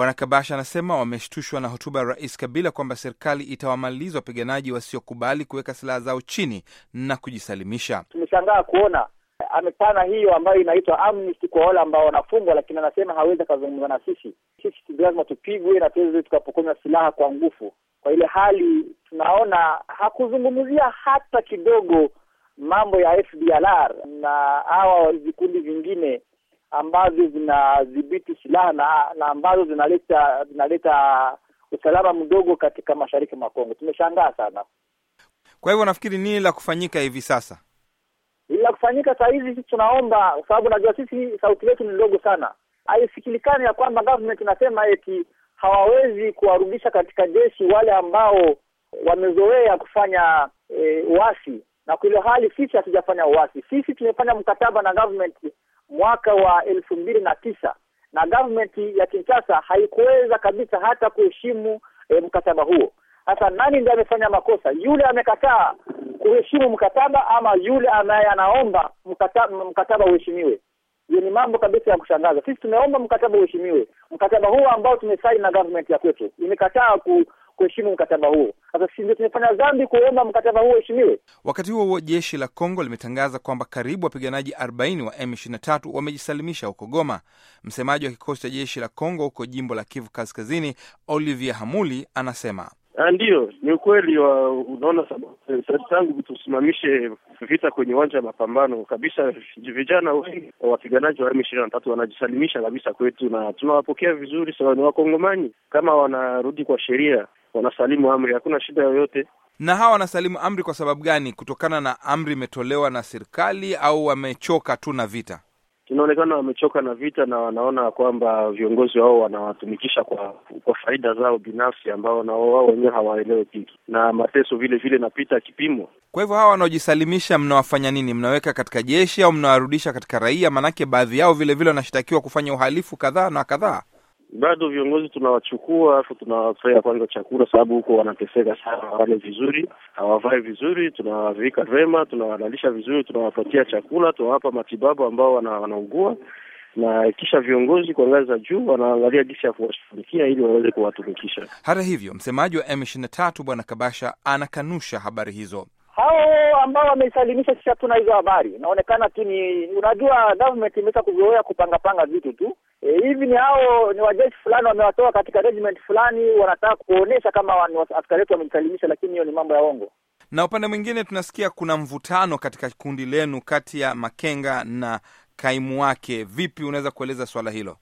Bwana Kabasha anasema wameshtushwa na hotuba ya Rais Kabila kwamba serikali itawamaliza wapiganaji wasiokubali kuweka silaha zao chini na kujisalimisha. Tumeshangaa kuona amepana hiyo ambayo inaitwa amnesty kwa wale ambao wanafungwa, lakini anasema hawezi akazungumza na sisi. Sisi lazima tupigwe na tuweze tukapokonywa silaha kwa nguvu. Kwa ile hali tunaona hakuzungumzia hata kidogo mambo ya FDLR na hawa vikundi vingine ambazo zinadhibiti silaha na, na ambazo zinaleta zinaleta usalama mdogo katika mashariki mwa Kongo. Tumeshangaa sana. Kwa hivyo nafikiri nini la kufanyika hivi sasa? la kufanyika saa hizi sisi tunaomba, kwa sababu najua sisi sauti yetu ni ndogo sana. Haifikilikani ya kwamba government inasema eti hawawezi kuwarudisha katika jeshi wale ambao wamezoea kufanya e, uasi na kwa ile hali sisi hatujafanya uasi. Sisi tumefanya mkataba na government mwaka wa elfu mbili na tisa na government ya Kinshasa haikuweza kabisa hata kuheshimu e, mkataba huo. Sasa nani ndiye amefanya makosa? Yule amekataa kuheshimu mkataba ama yule ambaye anaomba mkataba, mkataba uheshimiwe? Hiyo ni mambo kabisa ya kushangaza. Sisi tumeomba mkataba uheshimiwe, mkataba huo ambao tumesaini na government ya kwetu imekataa ku, kuheshimu mkataba huo. Sasa sisi ndio tumefanya dhambi kuomba mkataba huo uheshimiwe. Wakati huo huo, jeshi la Kongo limetangaza kwamba karibu wapiganaji 40 wa M23 wamejisalimisha huko Goma. Msemaji wa kikosi cha jeshi la Kongo huko jimbo la Kivu Kaskazini, Olivier Hamuli, anasema ah, Ndiyo, ni ukweli wa unaona, tangu tusimamishe vita kwenye uwanja wa mapambano kabisa, vijana wengi wapiganaji wa M23 wanajisalimisha kabisa kwetu, na tunawapokea vizuri sawa. Ni wakongomani kama wanarudi kwa sheria, wanasalimu amri, hakuna shida yoyote. Na hawa wanasalimu amri kwa sababu gani? Kutokana na amri imetolewa na serikali, au wamechoka tu na vita? Inaonekana wamechoka na vita na wanaona kwamba viongozi wao wanawatumikisha kwa kwa faida zao binafsi, ambao na wao wenyewe hawaelewe kitu, na mateso vile vile napita kipimo. Kwa hivyo hawa wanaojisalimisha, mnawafanya nini? Mnaweka katika jeshi au mnawarudisha katika raia? Maanake baadhi yao vile vile wanashitakiwa kufanya uhalifu kadhaa na kadhaa bado viongozi tunawachukua, alafu tunawapea kwanza chakula, sababu huko wanateseka sana, wale vizuri, hawavae vizuri, tunawavika vema, tunawalalisha vizuri, tunawapatia chakula, tunawapa matibabu ambao wanaugua na kisha viongozi kwa ngazi za juu wanaangalia jinsi ya kuwashughulikia ili waweze kuwatumikisha. Hata hivyo, msemaji wa M23 Bwana Kabasha anakanusha habari hizo. Hao ambao wamesalimisha sisi hatuna hizo habari, inaonekana tu ni unajua, government imeweza kuzoea kupangapanga vitu tu. Eh, hivi ni hao ni wajeshi fulani wamewatoa katika regiment fulani, wanataka kuonesha kama askari wetu wamejisalimisha, lakini hiyo ni mambo ya ongo. Na upande mwingine tunasikia kuna mvutano katika kundi lenu kati ya Makenga na kaimu wake. Vipi, unaweza kueleza swala hilo?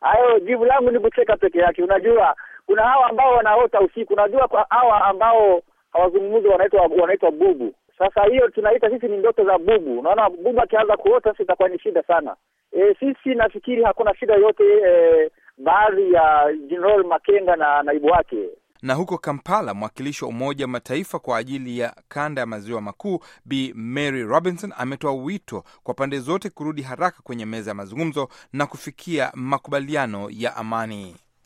Hayo jibu langu ni kucheka peke yake. Unajua, kuna hawa ambao wanaota usiku, unajua kwa hawa ambao hawazungumzi wanaitwa wanaitwa bubu. Sasa hiyo tunaita sisi ni ndoto za bubu. Unaona, bubu akianza kuota sitakuwa ni shida sana. E, sisi nafikiri hakuna shida yoyote e, baadhi ya general Makenga na naibu wake na huko Kampala, mwakilishi wa Umoja Mataifa kwa ajili ya kanda ya maziwa makuu Bi Mary Robinson ametoa wito kwa pande zote kurudi haraka kwenye meza ya mazungumzo na kufikia makubaliano ya amani.